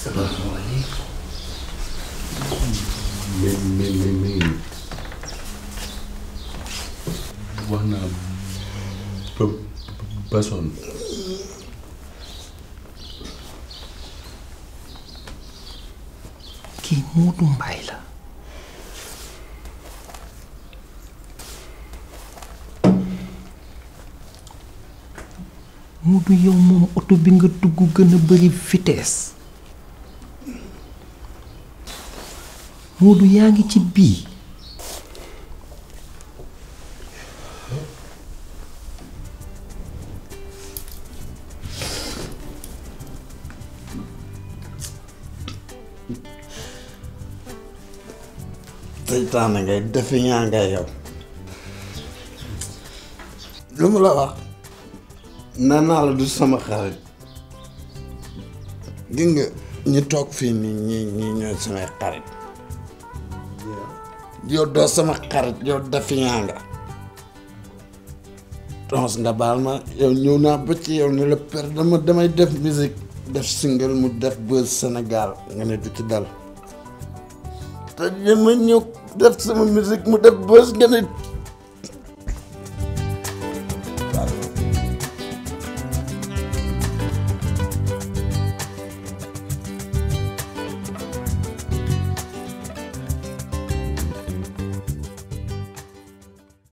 salaamaaleykum. mais mais mais mais Mbaay la. Moodu yow moom oto bi nga dugg gën a bari vitesse. Moodu yaa ngi ci bii seytaane ngay defi ñaa ngay yow lu mu la wax nee naa la du sama xarit gis ñu toog fii nii ñii ñii samay xarit yow doo sama xarit yow defiñaa nga tons nga baal ma yow ñëw naa ba yow ne la per dama damay def musique def single mu def buzz Sénégal nga ne du ci dal te dama ñëw def sama musique mu def buzz nga ne